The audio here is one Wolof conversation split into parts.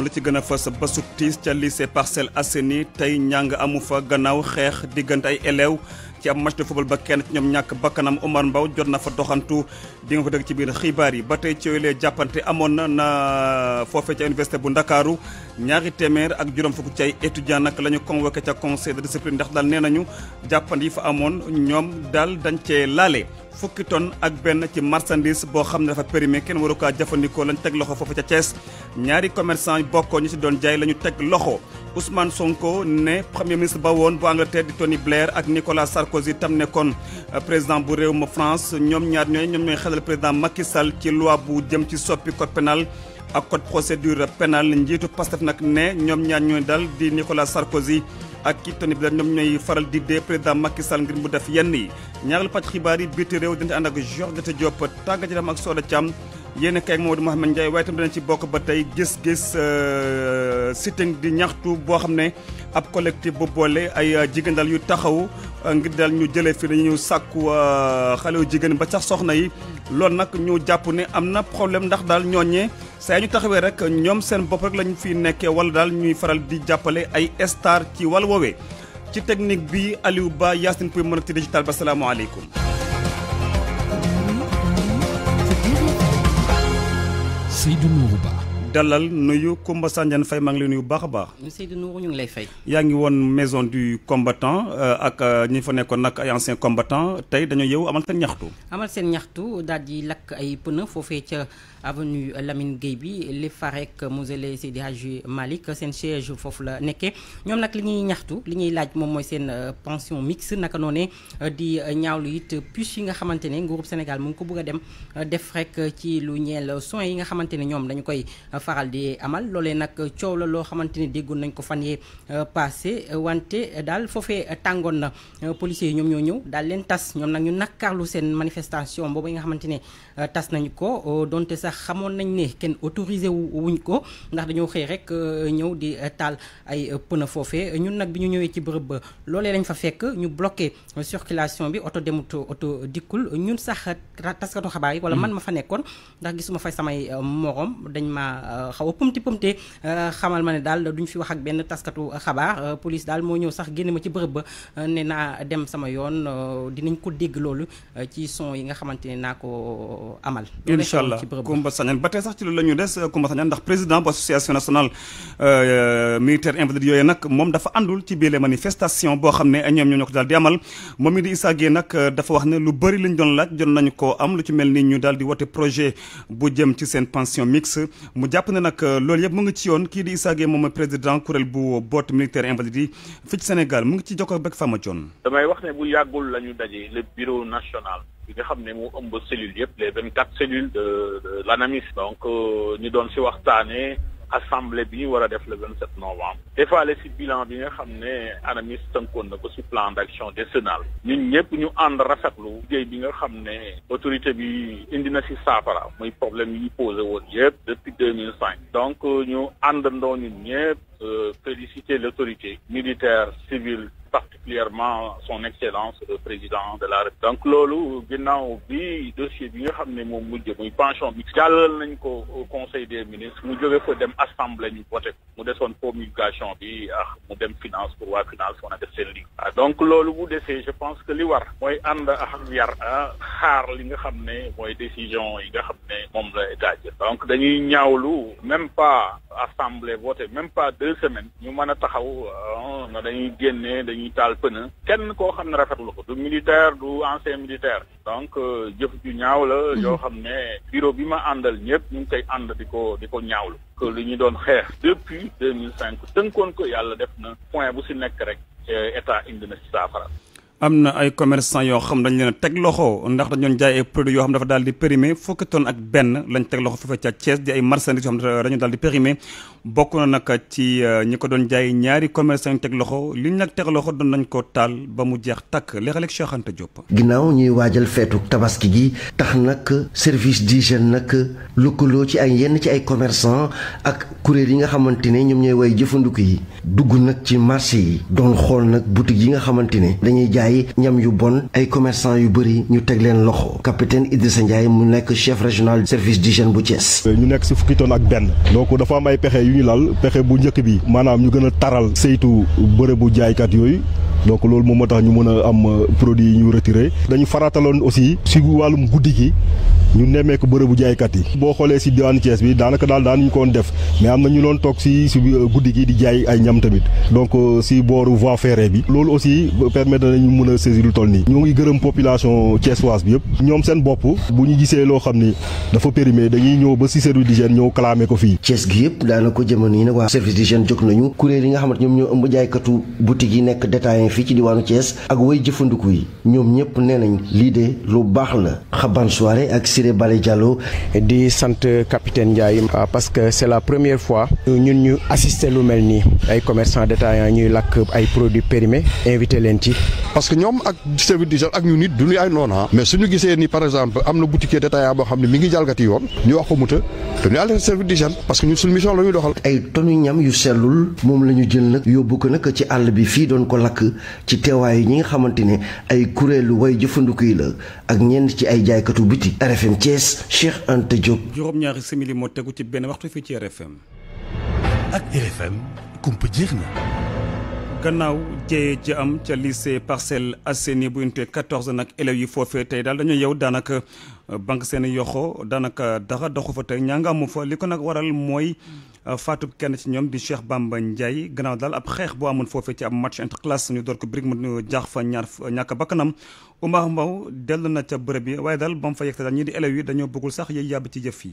la ci gën a fës basub tiis ca lycée Parcelles Assainies tey njàng amu fa gannaaw xeex diggante ay élèves ci am match football ba kenn ci ñoom ñàkk bakkanam Omar Mbaw jot na fa doxantu di nga ko dégg ci biir xibaar yi ba tey ci yooyu jàppante amoon na na foofee ca université bu ndakaaru ñaari téeméer ak juróom fukk ci ay étudiants nag la ñu convoqué ca conseil de discipline ndax daal nee ñu jàppante yi fa amoon ñoom daal dañ cee laale. fukki tonne ak benn ci marchandise boo xam ne dafa périmé kenn waru kaa jëfandikoo lañ teg loxo foofu ca Thiès ñaari commerçant bokkoo ñu si doon jaay la ñu teg loxo Ousmane Sonko ne premier ministre ba woon bu Angleterre di Tony Blair ak Nicolas Sarkozy tam ne nekkoon euh, président bu réew ma France ñoom ñaar ñooy ñoom ñooy xelal président Macky Sall ci loi bu jëm ci soppi code pénal ak code procédure pénale njiitu Pastef nag ne ñoom ñaar ñooy dal di Nicolas Sarkozy ak ki Tony Blair ñoom ñooy faral di dé président Macky Sall ngir mu def yenn yi ñaareelu pàcc xibaar yi bitti réew dina ànd ak Georges Diop tàggat yaram ak Soda Cham yéen kay Mamadou Mouhamed Ndiaye waaye itam dana ci bokk ba tey gis-gis euh, sitting di ñaxtu boo xam ne ab collectif bu boole ay euh, jigéen daal yu taxaw euh, ngir daal ñu jëlee fi dañu sàkku xale yu jigéen ba sax soxna yi loolu nag ñu jàpp ne am na problème ndax daal ñooñee saa ñu taxawee rek ñoom seen bopp rek lañu fi nekkee wala daal ñuy faral di jàppale ay star ci wàll woowee ci technique bi Aliou Ba Yacine Pouy mën a ci digital ba salaamaaleykum Nasce de dalal nuyu Kumba Sandiane Faye maa ngi lay nuyu bu baax baax. Seydou Nourou ñu ngi lay fay. yaa ngi woon maison du combattant euh, ak euh, ñi fa nekkon nak ay ancien combattant tay dañu yeewu amal sen ñaxtu. amal sen ñaxtu dal di lak ay pneu fofé ci avenue Lamine Gueye bi li fa rek mausolée Seydi Hadji Malick seen siège foofu la nekké ñom nak li ñuy ñaxtu li ñuy laaj mom moy sen euh, pension mix nak noné di ñaawlu it puce yi nga xamantene ne nguurub Sénégal mu ko bëgg dem def rek ci lu ñeel soins yi nga xamantene ñom dañ koy. faral di amal loolee nag coow la loo xamante ni déggoon nañ ko fan yee euh, passé wante daal foofee euh, tàngoon na euh, policiers yi ñoom ñoo ñëw daal leen tas ñoom nag ñu nakkaarlu seen manifestation boobu nga xamante ne Euh, tas nañ ko euh, donte sax xamoon nañ ne kenn autorisé wuñ ko ndax dañoo xëy rek euh, ñëw di taal ay pneu foofee ñun nag bi ñu ñëwee ci bërëb ba loolee lañ fa fekk ñu bloqué circulation bi oto demut oto dikkul ñun sax taskatu xabaar yi wala hmm. man ma fa nekkoon ndax gisuma fay samay morom dañ ma xaw a pëmti pëmte xamal ma ne daal duñ fi wax ak benn taskatu xabaar police daal moo ñëw sax génne ma ci bërëb ba ne naa dem sama yoon dinañ ko dégg loolu ci son yi nga xamante ne naa ko amal. inshallah allah Koumba baté sax ci loolu la ñu des euh, ndax président association nationale euh, euh, militaire invalide yooyu nak mom dafa andul ci biir manifestation bo xamné ne ñoom ñoo di amal momi di Issa Gueye nag dafa wax né lu bëri lañ doon laaj jot nañ ko am lu ci melni ñu dal di woté projet bu jëm ci sen pension mix. mu japp né nak lool yëpp mu ngi ci yoon ki di Issa Gueye président kuréel bu bot militaire invalide fi ci Sénégal mu ngi ci jokkoo ak Fama Dione. damay wax né bu yagul lañu dajé le bureau national nga xam ne mu ëmb cellules yëpp les 24 cellules de de l'ANAMIS donc euh, ñu doon si waxtaanee assemblée bi ñu war a def le 27 sept novembre defaale si bilan bi nga xam ne ANAMIS tënkoon na ko si plan d'action décennal ñun ñëpp ñu ànd rafetlu liggéey bi nga xam ne autorité bi indi na si saafara muy problème yi posé woon yëpp depuis 2005 donc euh, ñu àndandoo ñun ñëpp féliciter l'autorité militaire, civile, particulièrement son excellence le président de la République donc loolu ginnaaw bi dossier bi nga xamné ne mu mujj muy pension bi jàllal nañ ko au conseil des ministres mu jogé ko dem assemblée ñu voté mu desoon promulgation bi ah mu dem finance pour la finance on a def ah, donc lolu bu desee je pense que li war moy and ak yar ah, xaar li nga xamné moy décision yi nga xamné mom la état jël donc dañuy ñaawlu même pas assemblée voté même pas deux deux semaines ñu mën a taxaw ah, na dañuy génne dañuy taal pëna kenn koo xam ne rafetlu ko du militaire du ancien militaire donc euh, jëf ju ñaaw la mhm. yoo xam ne bureau bi ma àndal ñëpp ñu ngi koy ànd di ko di ko ñaawlu que li ñu doon xeex depuis deux mille cinq tënkoon ko yàlla def na point bu si nekk rek eh, état indi na si saafara am na ay commerçants yoo xam dañ leen a teg loxo ndax dañ jaay ay produits yoo xam dafa daal di périmé fukki tonne ak benn lañ teg loxo fa ca Thiès di ay marchandises yoo xam dañu daal di périmé bokk na nag ci euh, ñi ko doon jaay ñaari commerçant yi teg loxo liñ nag teg loxo doon nañ ko taal ba mu jeex takk léeg-léeg Cheikh ginnaaw ñuy waajal feetu tabaski gi tax nag service di d'hygiène nag lëkkaloo ci ay yenn ci ay commerçant ak kuréel yi nga xamante ne ñoom ñooy way jëfandiku yi dugg nag ci marché yi doon xool nag boutique yi nga xamante ne dañuy jaay ñam yu bon ay commerçant yu bëri ñu teg leen loxo capitaine Idrissa Ndiaye mu nekk chef régional service d'hygiène bu Thiès. ñu nekk si fukki tonne ak benn yu ñu lal pexe bu njëkk bi maanaam ñu gën a taral saytu bërëbu jaaykat yooyu donc loolu moom moo tax ñu mën a am euh, produit yi ñu retiré dañu farataloon aussi si wàllum guddi gi ñu nemmeeku bërëbu jaaykat yi boo xoolee si diwaan Thiès bi daanaka daal daan ñu ko woon def mais am na ñu doon toog si si euh, guddi gi di jaay ay ñam tamit donc euh, si booru voie ferrée bi loolu aussi permettre nañu mën a saisir lu toll nii ñoo ngi gërëm population thiessoise bi yëpp ñoom seen bopp bu ñu gisee ni dafa périmé dañuy ñëw ba si service d'hygiène ñëw clamé ko fii Thiès ko jamono yi nag waa service d'hygiène jóg nañu kuréel yi nga xamante ñoom ñoo ëmb jaaykatu boutique yi nekk détaillant fii ci diwaanu Thiès ak way jëfandiku yi ñoom ñëpp nee nañ lii de lu baax la xaban soirée ak Siré Bale Diallo di sant capitaine Ndiaye ah, parce que c'est la première fois ñun ñu assister lu mel nii ay commerçants détaillants ñuy lakk ay produits périmés invité leen ci parce que ñoom ak service d'hygiène ak ñun nit du ñu ay noona ah. mais suñu gisee ni par exemple am na boutiquier détaillant boo xam ne mi ngi jalgati yoon ñu wax ko muta dañuy alerter service d'hygiène parce que ñun suñu mission la ñuy doxal ay tonu ñam yu sellul moom lañu ñu jël nag yóbbu ko nag ci àll bi fii doon ko lakk ci teewaayu ñi nga xamante ne ay kuréelu way jëfandiku yi la ak ñenn ci ay jaaykatu biti RFM Thiès Cheikh Anta Diop. juróom-ñaari simili moo tegu ci benn waxtu fii ci RFM. ak RFM kumpa jeex na. gannaaw jëye ji am ca lycée Parcelles Assainies bu unité 14 nag élèves yi foofee tey daal dañoo yow daanaka banque seen yoxo daanaka dara doxu fa tey ñaa fa li ko nag waral Euh, faatu kenn ci ñoom di Cheikh Bamba Ndiaye gannaaw daal ab xeex boo amoon foofee ci ab match interclasse ñu door ko brig mu jaax fa ñaar ñàkk bakkanam Oumar Mbow dellu na ca bërëb yi waaye daal ba mu fa yegte daal ñii di élèves yi dañoo bëggul sax yéy yàbb ci jëf yi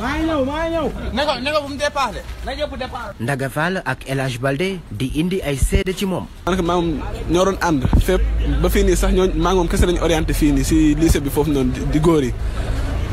maa ngi ñëw maa ngi ñëw. ne ko ne ko bu ak El Hadj di indi ay seede ci moom. daanaka maa moom ñoo doon ànd ba fii nii sax ñoo maa moom lañu orienté fii si lycée bi foofu noonu di góor yi.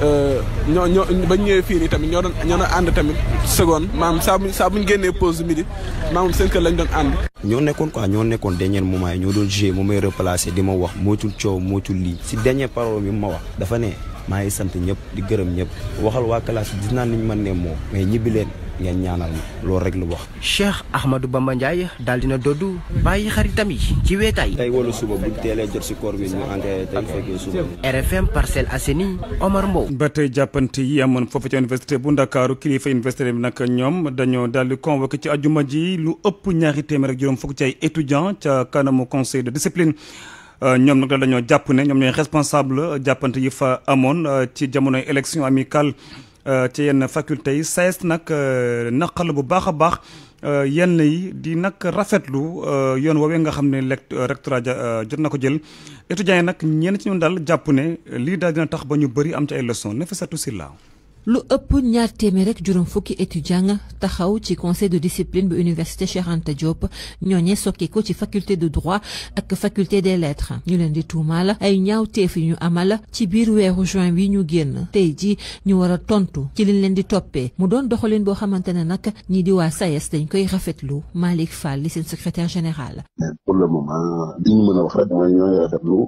Euh, ñoo ñoo ba ñu fii nii tamit ñoo doon ànd tamit seconde maam saa bu saa bu ñu génnee pause midi maam seen lañ doon ànd. ñoo nekkoon quoi ñoo nekkoon dernier moment yi ñoo doon joué mu may replacer di ma wax moytul coow moytul lii si dernier parole bi ma wax dafa ne. maa ngi sant ñëpp di gërëm ñëpp waxal waa classe gis naa niñ mën ne moom mais ñibbi leen ngeen ñaanal ma loolu rek lu wax. Cheikh Ahmadou Bamba Ndiaye daal dina doddu bàyyi xaritam yi ci weetaay. tey wala suba buñ teelee jot si koor bi ñu engrais tey fekkee suba. RFM Parcelles Assainies Omar Mbow. ba tey jàppante yi amoon foofu ci université bu Ndakaaru kilifa université bi nag ñoom dañoo daal di convoqué ci ajuma ji lu ëpp ñaari téeméer ak juróom fukk ci ay étudiants ca kanamu conseil de discipline. Euh, ñoom nag dañoo jàpp ne ñoom ñooy responsable euh, jàppante yi fa amoon euh, ci jamonoy élection amicale ci yenn faculté yi SAES nag naqalu bu baax a baax yenn yi di nag rafetlu yoon woowee nga xam ne rectorat jot na ko jël étudiants yi nag ñenn ci ñun daal jàpp ne lii daal dina tax ba ñu bëri am ci ay leçons Nafissatou Sylla lu ëpp ñaar téeméer ak juróom fukki étudiants taxaw ci conseil de discipline bu université Cheikh Anta Diop ñooñee sokki ko ci faculté de droit ak faculté des lettres ñu leen di tuumaal ay ñaaw ñaawteef yu ñu amal ci biir weeru juin wi ñu génn tey ji ñu war a tontu ci liñ leen di toppee mu doon doxalin boo xamante ne nag ñi di waa SAES e dañ koy rafetlu Malick Fall li seen secrétaire général. pour le moment li ñu mën a wax rek mooy ñooy rafetlu.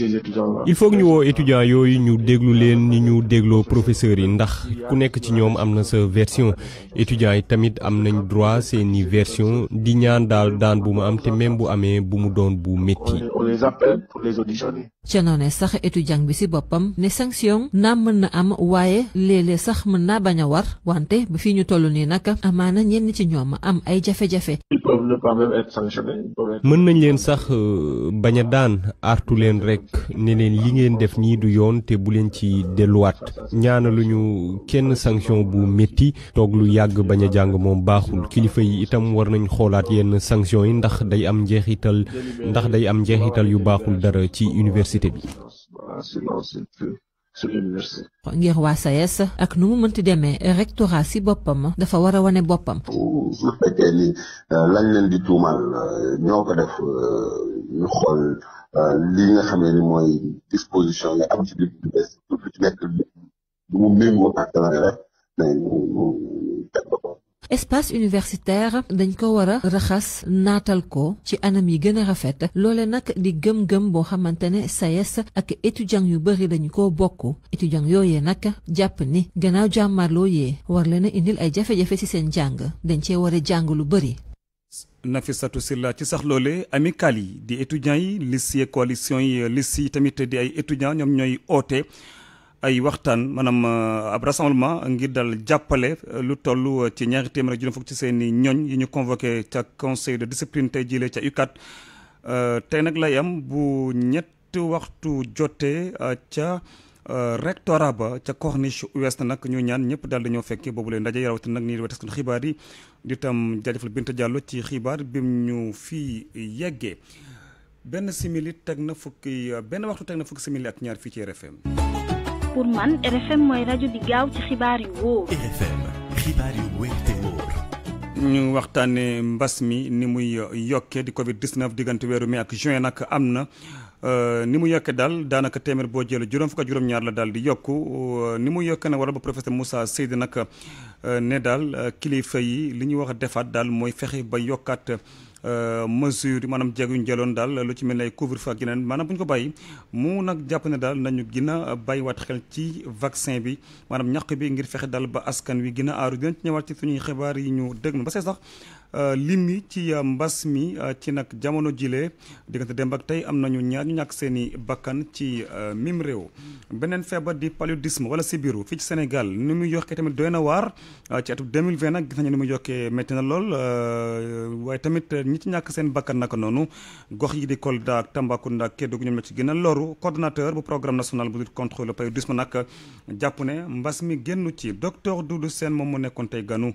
ces étudiants là. il faut ñu woo étudiants yoy ñu déglu leen ni ñu déglo professeur yi ndax ku nekk ci ñom amna na sa version étudiants yi tamit amnañ droit c'est ni version di ñaan dal daan bu mu am té même bu amé bu mu doon bu metti on les appelle pour les auditionner. ca noone sax étudiant bi ci boppam ne sanction naam mën na am waaye léeg sax mën naa bañ a war wante ba fii ñu toll nii nag amaana ñenn ci ñoom am ay jafe-jafe. mën nañ leen sax euh, bañ a daan artu leen rek ne leen li ngeen def nii du yoon te bu leen ci delluwaat ñaana lu ñu kenn sanction bu métti toog lu yàgg bañ a jàng moom baaxul kilifa yi itam war nañ xoolaat yenn sanction yi ndax day am njeexital ndax day am njeexital yu baaxul dara ci université université bi. ngir waa SAES e ak nu mu mënti demee rectorat si boppam dafa war a wane boppam. su fekkee ni lañ leen di tuumaal ñoo ko def ñu xool li nga xam ne mooy disposition yi am ci biir bu bees lu ci nekk lu mu méngoo ak rek mais mu teg boppam. espace universitaire dañ ko wara raxas natal ko ci anam yi gëna a rafet lolé nak di gëm-gëm bo xamantene sayes ak étudiant yu bëri dañ ko bokku étudiant yoyé nak japp ni gannaaw jàmmarloo yé war leena indil ay jafé jafé ci seen jang dañ ci wara jang lu bëri Nafisatu Silla ci sax lolé amical yi di étudiants yi lycée coalition yi lycée tamit di ay étudiants ñom ñoy oté ay waxtaan maanaam euh, ab rassemblement ngir dal jàppale euh, lu toll euh, ci ñaari téeméer ak juróom fukk ci seen i ñooñ yi ñu convoqué ca conseil de discipline tey jilee ca UCAD tey nag lay am bu ñetti waxtu jotee ca rectorat ba ca corniche ouest nag ñu ñaan ñëpp daal dañoo fekkee boobu leen ndaje rawatina nag nii weteskoon xibaar yi di tam jaajëfal Binta Diallo ci xibaar bim ñu fii yeggee benn simili teg na fukki benn waxtu teg na fukki simili ak ñaar fii ci RFM RFM mooy rajo di gaaw ci xibaar yu wóor. ñu waxtaane mbas mi ni muy yokkee di Covid 19 diggante weeru mi ak juin nag am na. Euh, ni mu yokkee daal daanaka téeméer boo jëlee juróom fukk ak juróom-ñaar la daal di yokku euh, ni mu yokkee na waral ba professeur Moussa Seydi nag euh, ne daal kilifa yi li ñuy wax defaat daal mooy fexe ba yokkat Euh, mesure yi maanaam jéego njaloon daal lu ci mel ne couvre-feu ak yeneen bu ñu ko bàyyi mu nag jàpp ne daal nañu gën a bàyyiwaat xel ci vaccin bi maanaam ñaq bi ngir fexe daal ba askan wi gën a aaru dinañ ci ñëwaat ci suñuy xibaar yi ñu dégg ba see sax Euh, lim yi ci euh, mbas mi euh, ci nag jamono jile diggante dem ak tey am nañu ñaar ñu ñàkk seen i bakkan ci mim réew beneen feebar di paludisme wala sibiru fii ci Sénégal ni muy yokkee tamit doy na waar ci atum 2020 nag gis nañu ni mu yokkee métti na lool waaye tamit ñi ci ñàkk seen bakkan naka noonu gox yi di Kolda ak Tambacounda ak Kédougou ñoom ñoo ci gën a loru coordonnateur bu programme national bu lutte contre le paludisme nag jàpp ne mbas mi génnu ci docteur Doudou Sène moom mu nekkoon tey ganu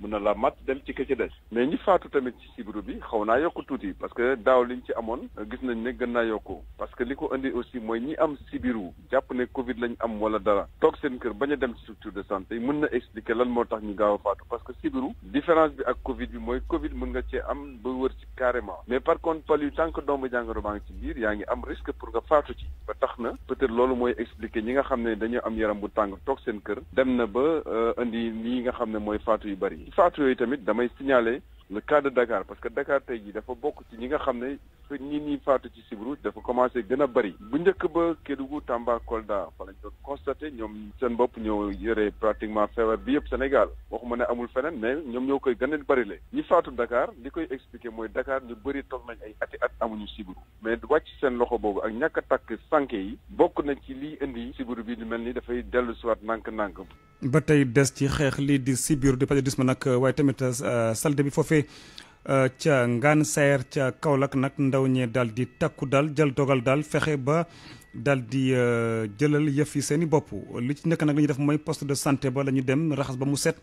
mun na laa mat dem ci ka des mais ñi faatu tamit ci sibiru bi xaw naa yokk tuuti parce que daaw liñ ci amoon gis nañ ne gën naa yokku parce que li ko indi aussi mooy ñi am sibiru jàpp ne Covid lañ am wala dara toog seen kër bañ a dem ci structure de santé mun na expliquer lan moo tax ñu gaaw a faatu parce que sibiru différence bi ak Covid bi mooy Covid mun nga cee am ba wër ci carrément mais par contre palu tant doom doomu jàngoro baa ngi ci biir yaa ngi am risque pour nga faatu ci ba tax être loolu mooy expliquer ñi nga xam ne dañoo am yaram bu tàng toog seen kër dem na ba euh, indi lii nga xam ne mooy faatu yu bari situation yooyu tamit damay signaler le cas de Dakar parce que Dakar tay jii dafa bokk ci ñi nga xam ne su ñi ñuy faatu ci Sibru dafa commencé gën a bëri bu njëkk ba Kédougou Tamba Kolda fa lañ doon constaté ñoom seen bopp ñoo yore pratiquement feebar bi yëpp Sénégal waxuma ne amul feneen mais ñoom ñoo koy gën a bëri le ñi faatu Dakar li koy expliqué mooy Dakar ñu bëri toog nañ ay ati at amuñu Sibru mais wàcc seen loxo boobu ak ñàkk a takk sànke yi bokk na ci liy indi Sibru bi di mel ni dafay dellu siwaat nank-nank. ba tey des ci xeex lii di sibiru di paludisme nag waaye tamit euh, salte bi foofee euh, ca ngaan sayer ca Kaolack nag ndaw ñee daal di takku daal jël dogal daal fexe ba daal di euh, jëlal yëf yi seen i bopp li ci nekk nag li ñu def mooy poste de santé ba la ñu dem raxas ba mu set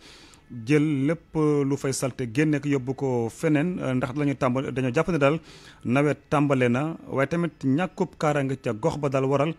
jël lépp lu fay salte génne ak yóbbu ko feneen ndax la ñu tàmbal dañoo jàpp daal nawet tàmbale na waaye tamit ñàkkub kaaraange ca gox ba daal waral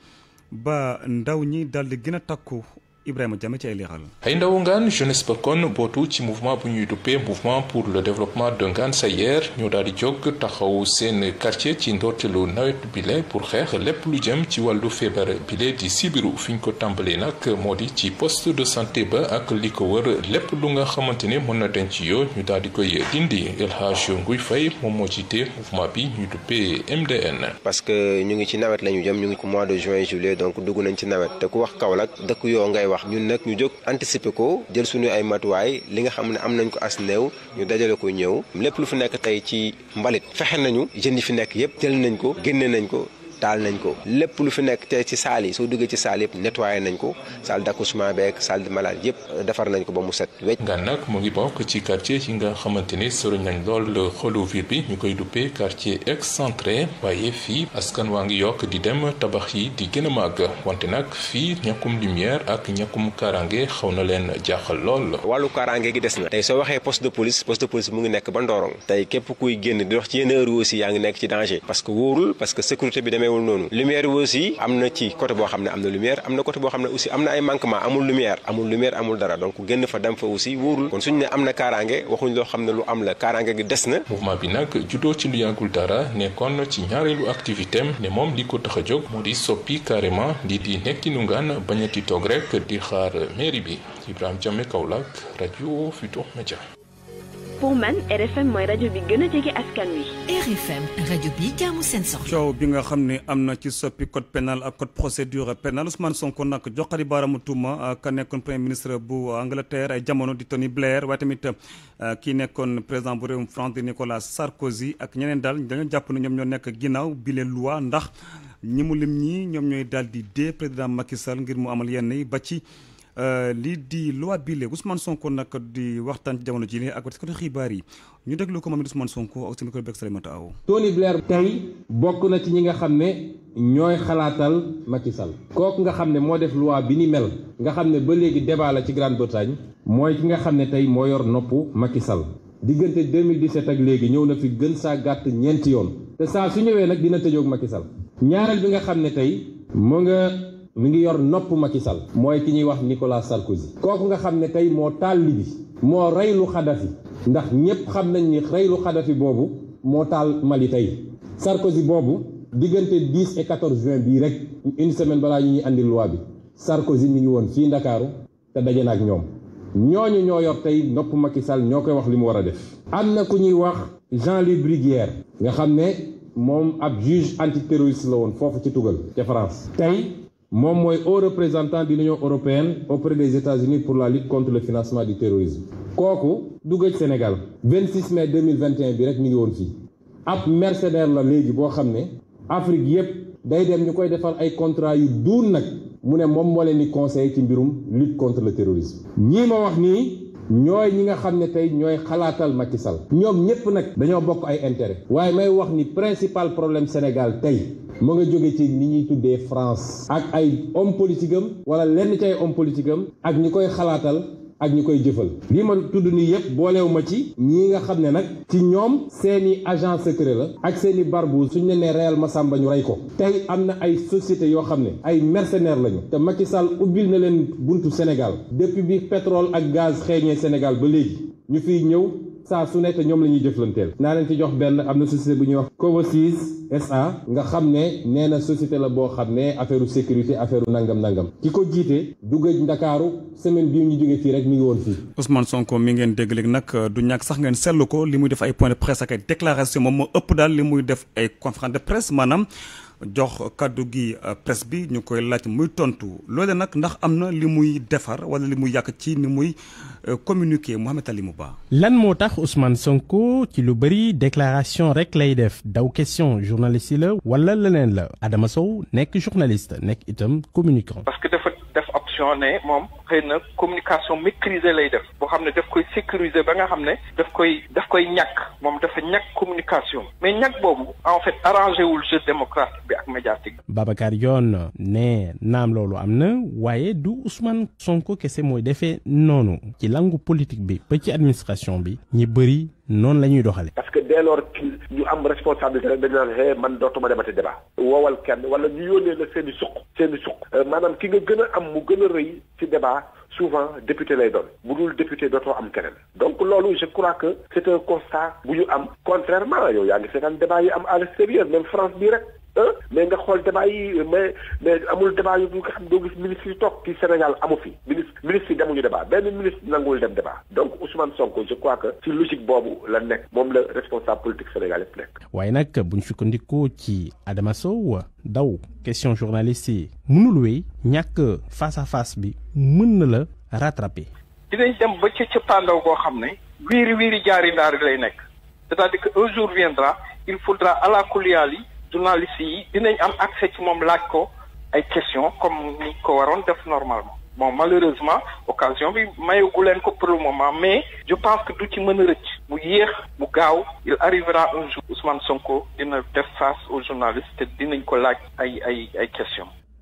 ba ndaw ñi daal di gën takku Ibrahima Diame ci ay leeral Haynda Wongane jeunesse ba kon bootu ci mouvement bu ñuy duppee mouvement pour le développement de Ngane Sayer ñoo daal di jog taxaw seen quartier ci ndorteelu nawet bile pour xeex lépp lu jëm ci wàllu feebar bile di sibiru fiñ ko tàmbalee nak modi ci poste de santé ba ak li wër lépp lu nga xamante ne mën na denc yo ñu daal di koy dindi El Hadj Nguy Faye moom ci té mouvement bi ñuy duppee MDN. parce que ñu ngi ci nawet lañu jëm ñu ngi ko mois de juin juillet donc duggu nañ ci nawet te ku wax Kaolack dëkk yo ngay wax ñun nag ñu jóg anticiper ko jël suñu ay matuwaay li nga xam ne am nañ ko as néew ñu dajale ko ñëw lépp lu fi nekk tey ci mbalit fexe nañu jeunes yi fi nekk yépp jël nañ ko génne nañ ko taal nañ ko lépp lu fi nekk te ci saal yi soo duggee ci saal yëpp nettoyé nañ ko saal d'accouchement beeg salle de malade yëpp defar nañ ko ba mu set wecc nga nag mu ngi bokk ci quartier yi nga xamante ni sori nañ lool xolu ville bi ñu koy duppee quartier excentré waaye fii askan waa ngi yokk di dem tabax yi di gën a màgg wante nag fii ñàkkum lumière ak ñàkkum karange xaw na leen jaaxal lool walu karange gi des na tey soo waxee poste de police poste de police mu ngi nekk ba Ndorong tey képp kuy génn di dox ci yenn heure aussi yaa ngi nekk ci danger parce que wóorul parce que sécurité bi demee demeewul noonu lumière bi am na ci côté boo xam ne am na lumière am na côté boo xam ne aussi am na ay manquement amul lumière amul lumière amul dara donc génn fa dem fa aussi wóorul kon suñu ne am na kaaraange waxuñ loo xam ne lu am la kaaraange gi des na mouvement bi nag juddoo ci lu yàggul dara nekkoon na ci ñaareelu activité am ne moom li ko tax a jóg moo di soppi carrément di di nekk ci nungaan bañati toog rek di xaar mairie bi Ibrahima Diame Kaolack rajo Futurs Médias pour man RFM bi coow bi nga xam ne am na ci soppi code pénal ak code procédure pénale Ousmane Sonko nag joxari baaraamu tuuma euh, ka nekkoon premier ministre bu euh, Angleterre ay jamono di Tony Blair waaye tamit euh, kii nekkoon président bu réewum France di Nicolas Sarkozy ak ñeneen daal dañoo jàpp ne ñoom ñoo nekk ginnaaw bile loi ndax ñi mu lim ñi ñoom ñooy daal di dee président Macky ngir mu amal yenn yi ba ci. Euh, lii di loi bile Ousmane Sonko nag di waxtaan ci jamono ji nii ak taskatu xibaar yi ñu déglu ko moom it Ousmane Sonko ak seen micro beeg Salimata Aw. Tony Blair bokk na ci ñi nga xam ne ñooy xalaatal Macky Sall. kooku nga xam ne moo def loi bi ni mel nga xam ne ba léegi débat la ci Grande-Bretagne mooy ki nga xam ne tey moo yor noppu Macky Sall diggante 2017 ak léegi ñëw na fi gën saa gàtt ñeenti yoon. te saa su ñëwee nag dina tëjoog Macky Sall ñaareel bi nga xam ne tey mu nga. mi ngi yor nopp Macky Sall mooy ki ñuy wax Nicolas Sarkozy kooku nga xam ne tey moo taal Libi moo reylu Kadhafi ndax ñépp xam nañ ni reylu Kadhafi boobu moo taal Mali tey Sarkozy boobu diggante 10 et 14 juin bii rek une semaine balaa ñu ñuy andi loi bi Sarkozy mi ngi woon fii Ndakaaru te daje na ak ñoom ñooñu ñoo yor tey nopp Macky ñoo koy wax li mu war a def. am na ku ñuy wax Jean-Louis Bruguière nga xam ne moom ab juge antiterroriste la woon foofu ci tugal ca France Mon mooy haut représentant de l'Union européenne auprès des États-Unis pour la lutte contre le financement du terrorisme kooku au Sénégal 26 mai 2021 bi rek mi ngi mercenaire la léegi boo xam Afrique yépp day dem ñu koy ay contrat yu est nag conseil lutte contre le terrorisme Ni ma wax ñooy ñi nga xam ne tey ñooy xalaatal Macky Sall ñoom ñépp nag dañoo bokk ay intérêt waaye may wax ni principal problème Sénégal tey mu nga jóge ci ni ñuy tuddee France ak ay homme politique am wala lenn ci ay homme politique am ak ñi koy xalaatal ak ñukoy jëfël li lii ma tudd nii yëpp booleewu ma ci ñii nga xam ne nag ci ñoom seeni agent secret la ak seeni barbu suñ ne nee réel Massamba ñu rey ko tey am na ay société yoo xam ne ay mercenaires lañu te Macky Sall ubbil na leen buntu Sénégal depuis bi pétrole ak gaz xeeñee Sénégal ba léegi ñu fiy ñëw saa su nekk ñoom la ñuy jëflanteel naa leen ci jox benn am na société bu ñuy wax Covosis SA nga xam ne nee na société la boo xam ne affaire sécurité affaire nangam nangam ki ko jiite duggaj Ndakaaru semaine bii ñu jógee fii rek mi ngi woon fii. Ousmane Sonko mi ngeen dégg léegi nag du ñàkk sax ngeen seetlu ko li muy def ay point de presse ak ay déclaration moom moo ëpp daal li muy def ay conférence de presse maanaam. jox kàddu gi euh, presse bi ñu koy laaj muy tontu loole nag ndax am na li muy defar wala li muy yàq ci ni muy euh, communiquer Mouhamed Aliou Ba. lan moo tax Ousmane Sonko ci lu bëri déclaration rek lay def daw question journaliste yi la wala leneen la Adama Sow nekk journaliste nekk itam communicant. vision ne moom xëy na communication maîtrisée lay def boo xam ne daf koy sécuriser ba nga xam ne daf koy daf koy ñàkk moom dafa ñàkk communication mais ñàkk boobu en fait arrangé wul jeu démocratique bi ak médiatique Babacar Dione ne naam loolu am na waaye du Ousmane Sonko kese mooy defee noonu ci langue politique bi ba ci administration bi ñi bëri non la ñuy doxale parce que dès lors ñu am responsabilité rek dañu naan hee man dootuma demati débat woowal kenn wala ñu yone la seen i suq seen i suq euh, maanaam ki nga gëna am mu gëna reuy ci débat souvent député lay doon bu dul député doto am keneen donc loolu je crois que c'est un constat bu ñu am contrairement yow yaa ngi seetaan débat yi am à l'extérieur même France bi rek Hein? mais nga xol débat yi mais mais amul débat yu nga xam do gis ministre yi toog ci Sénégal amu fi ministre ministre demu ñu débat ben ministre nangul dem débat donc Ousmane Sonko je crois que ci logique bobu la nek mom la responsable politique sénégalais nekk. way nak bu ñu ci Adama Sow daw question journaliste mënul wéy ñak face à face bi mën na la rattraper. dinañ dem ba ci ci pandaw xam xamné wiri wiri jaari ndaari lay nek c'est-à-dire que un jour viendra il faudra à la journalistes, yi dinañ am accès ci moom laaj ko ay question comme ni ko waroon normalement bon malheureusement occasion bi mayagu leen pour le moment mais je pense que du ci mën a rëcc mu yéex il arrivera un jour Ousmane Sonko dina def face aux journalistes te dinañ ko laaj ay ay ay question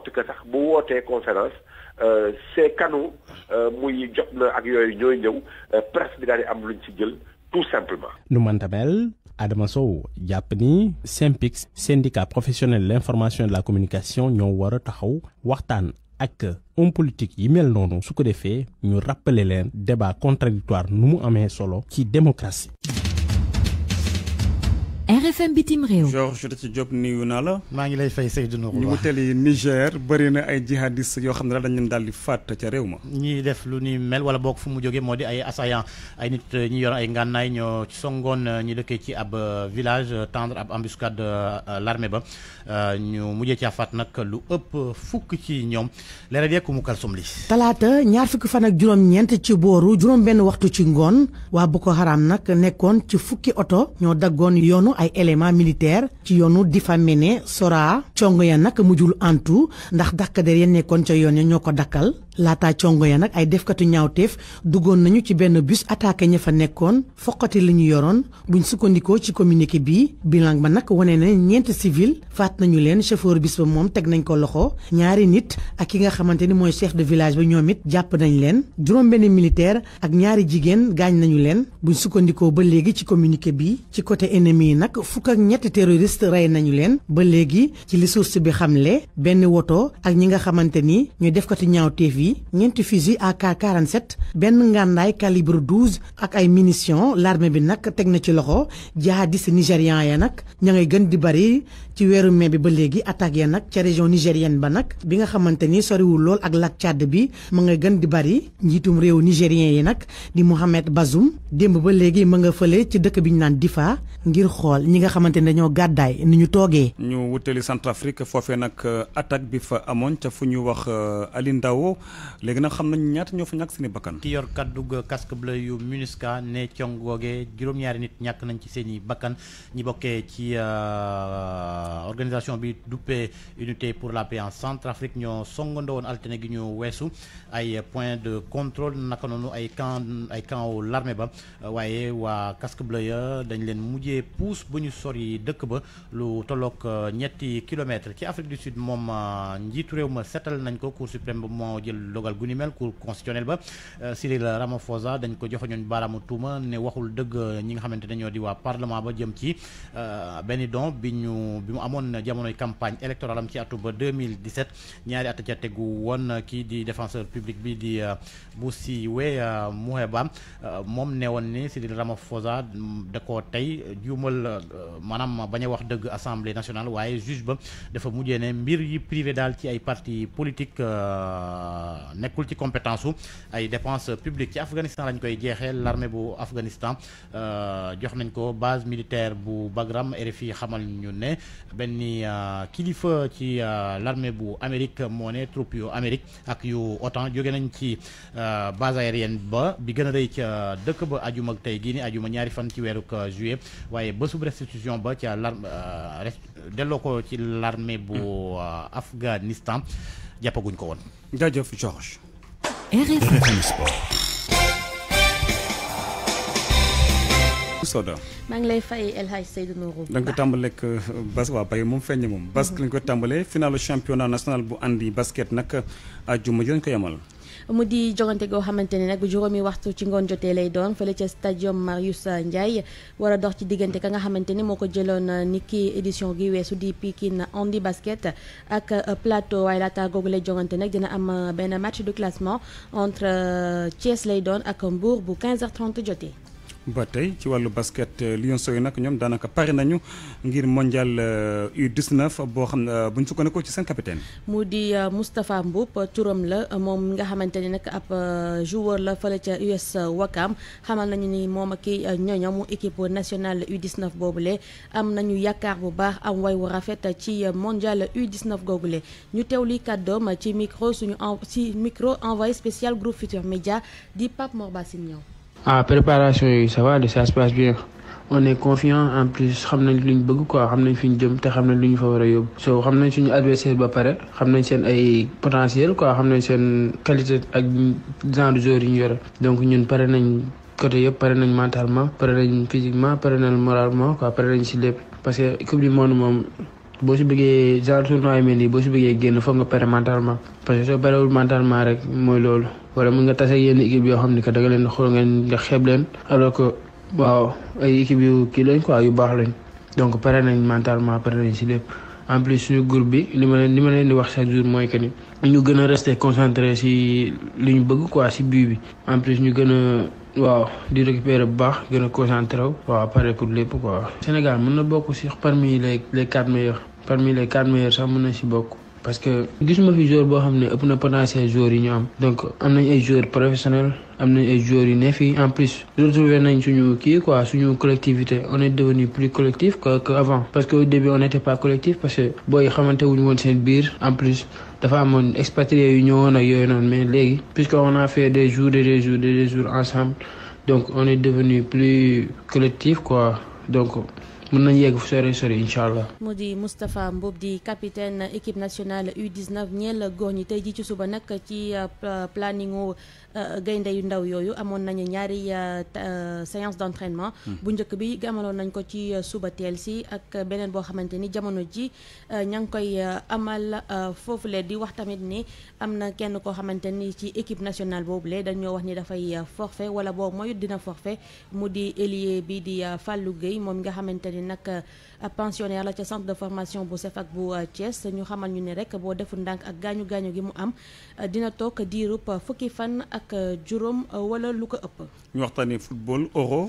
sorte que sax bu woté conférence euh, ces canaux euh, muy ak euh, presse bi tout simplement. nu ni syndicat professionnel de l'information et de la communication ñoo wara taxaw waxtaan ak politique yi mel nonu su ko nous ñu rappeler leen débat contradictoire nu mu solo ci démocratie. RFM bitim réew. Georges Dati Diop nuyu naa la. maa ngi lay fay Seydou Nourou. ñu wutali Niger bëri ay jihadistes yoo xam ne dañ daal di fàtt ca réew ma. ñiy def lu ni mel wala boog fu mu jógee moo di ay assaillants ay nit euh, ñi yor ay ngànnaay ñoo songoon euh, ñi dëkkee ci ab euh, village tendre ab embuscade l'armée ba ñu mujjee caa fàtt nag lu ëpp fukk ci ñoom leeral yeeg mu kalsum li. talaata ñaar fukki fan ak juróom-ñeent ci booru juróom-benn waxtu ci ngoon waa Boko Haram nag nekkoon ci fukki oto ñoo daggoon yoonu. ay élément militaire ci yoonu di Difamene Sora congo ya nag mujjul antu ndax dakkader ya nekkoon ca yoon ya ñoo ko dakkal laata congo ya nag ay defkatu ñaawteef duggoon nañu ci benn bus attaqué ña fa nekkoon foqati li ñu yoroon buñ sukkandikoo ci communiqué bi bilan ba nag wane na ñeenti civil faat nañu leen chauffeur bis ba moom teg nañ ko loxo ñaari nit ak ki nga xamante ni mooy chef de village bi ñoom it jàpp nañ leen juróom benn militaire ak ñaari jigéen gaañ nañu leen buñ sukkandikoo ba léegi ci communiqué bi ci côté ennemi yi nag nag fukk ak ñetti terroriste rey nañu leen ba léegi ci li source bi xamle benn woto ak ñi nga xamante ni ñooy def ko ci ñaawteef yi ñeenti fusil AK 47 benn ngànnaay calibre 12 ak ay munitions l'armée bi nag teg na ci loxo jihadiste nigérian ya nag ña ngay gën di bari ci wéru mai bi ba léegi attaque ya nag ca région nigérienne ba nag bi nga xamante ni soriwul lool ak lak Tchad bi ma nga gën di bari njiitum réew nigérien yi nag di Mohamed Bazoum démb ba léegi ma nga fële ci dëkk bi ñu naan Difa ngir xool ñi nga xamante ne dañoo gàddaay ni ñu toogee. ñu wutali Centrafrique foofee nag euh, attaque bi fa amoon ca fu ñu wax euh, Ali Ndawo léegi nag xam nañ ñaata ñoo fa ñàkk seen i bakkan. ki yor kaddu casque bleu yu MINUSCA ne cong googee juróom-ñaari nit ñàkk nañ ci seen i bakkan ñi bokkee ci. Euh, organisation bi duppee unité pour la paix en Centrafrique ñoo songandoo woon altine gi ñu wessu ay point de contrôle naka noonu ay camp ay camp l'armée ba wayé wa casque bleu ya dañ leen mujjee puus bu sori dëkk ba lu tolok euh, ñetti kilomètres ci Afrique du Sud mom euh, njiitu réew ma seetal nañ ko Cour suprême ba moo jël dogal gu ni mel Cour constitutionnel ba euh, Cyril Ramaphosa dañ ko joxoñoon baramu tuma né waxul dëgg ñi nga xamanté ne di wa parlement ba jëm ci benn don biñu campagne électorale am ci atub 2017 ñaari at ca tegu woon uh, kii di défenseur public bi di uh, Busisiwe uh, Muheba moom mom woon ni Cyril Ramaphosa da koo tey juumal maanaam wax deug assemblée nationale waye juge ba dafa mujjé né mbir yi privé dal ci ay parti politique nekul ci compétence ay dépenses publiques ci Afghanistan lañ koy jeexee l'armée bu Afghanistan jox nañ ko base militaire bu Bagram RFI xamal ñu né ni euh, kilifa ci euh, l'armée bu Amérique moo ne troupe yu Amérique ak yu OTAN jogé nañ ci euh, base aérienne ba bi gëna reuy ci ca dëkk ba ajuma tay gi ni ma ñaari fan ci weeruk juillet ba bésub restitution ba ci l'armée delloo ko ci l'armée bu Afghanistan jappaguñ ko won jaajëf Georges. RFM Sport. Soda. maa ngi lay fay El Hadj Seydou Nourou. da nga ko tàmbaleeg euh, bas waa Baye moom feeñ moom. bas mhm. lañ ko tàmbalee championnat national bu andi basket nak àjjuma ji lañ ko yemal. mu di jogante go xamante nak bu juróomi waxtu ci ngon jotee lay doon fele ci stadium Marius Ndiaye wara dox ci diggante ka nga xamante moko moo euh, niki édition gi wessu di Pikine Andi Basket ak euh, plateau waaye laata googu lay jogante nag dina am ben match de classement entre Thiès lay doon ak Mbour bu 15h30 jotee ba tey ci wàllu basket euh, lion yi nag ñoom daanaka pare nañu ngir mondial U19 euh, boo xam ne bu ñu ci seen capitaine. mu di euh, Moustapha Mboup turam la moom nga xamante ni nag ab joueur la fële ca US Wakam xamal nañu ni moom ak i ñoñamu équipe nationale U19 le am nañu yaakaar bu baax am way wu rafet ci mondial U19 googule ñu teewli kàddoom ci micro suñu en ci micro envoyé spécial groupe Futur media di Pape Mor ah préparation yi ça va ça se passe bien on est confiant en plus xam nañ lu ñu bëgg ko xam nañ fi ñu jëm te xam nañ lu ñu fa war a yóbbu so xam nañ suñu adversaire ba pare xam nañ seen ay potentiel quoi xam nañ seen qualité ak genre joueurs yi ñu donc ñun pare nañ côté yëpp pare nañ mentalement pare nañ physiquement pare nañ moralement quoi pare nañ si lépp parce que coupe du monde moom boo si bëggee genre tournoi yi mel nii boo si bëggee génn foog nga pare mentalement parce que soo parewul mentalement rek mooy loolu wala mën nga tase yenn équipe yoo xam ne que da nga leen xool ngeen nga xeeb leen alors que waaw e ay équipe yu kii lañ quoi yu baax lañ donc pare nañ mentalement pare nañ si lépp en plus suñu groupe bi li ma leen li ma leen di wax chaque jour mooy que ni ñu gën a rester concentré si li ñu bëgg quoi si but bi en plus ñu gën a waaw di récupérer bu baax gën a concentré wu waaw pare pour lépp quoi Sénégal mën na bokk si parmi les les quatre meilleurs parmi les quatre meilleurs je suis na parce que gisuma fi joueur bo xamné ne ëpp na potentiel joueur yi ñu am donc am nañ ay joueurs professionnels am nañ ay joueurs yi ne fi en plus retrouvé nañ suñu kii quoi suñu collectivité on est devenu plus collectif que que avant parce que au début on n'était pas collectif parce que boy xamante wuñu woon seen biir en plus dafa amoon expatriés yu ñëwoon ak yooyu noonu mais léegi puisque on a fait des jours des jours des jours ensemble donc on est devenu plus collectif quoi donc mën nañ yéegu fu sore sore incha allah. mu di Moustapha Mboup di capitaine équipe nationale U19 ñeel góor ñi tey ji ci suba nag ci euh, planning Euh, gaynde yu ndaw yooyu amoon nañu ñaari euh, euh, séance d'entraînement hmm. bu njëkk bi amaloon nañ ko ci suba teel si ak beneen boo xamante ni jamono ji ña ngi koy amal foofu le di wax tamit ni am na kenn koo xamante ni ci équipe nationale boobule dañoo wax ni dafay forfait wala boo moyut dina forfait mu di ailier bi di Fallou Gueye moom nga xamante ni nag pensionnaire la ca centre de formation bu Cefak bu euh, Thiès ñu xamal ñu ne rek boo deful ndànk ak gaañu gaañu gi mu am euh, dina toog diirub fukki fan ak euh, juróom wala lu ko ëpp. ñu waxtaanee football euro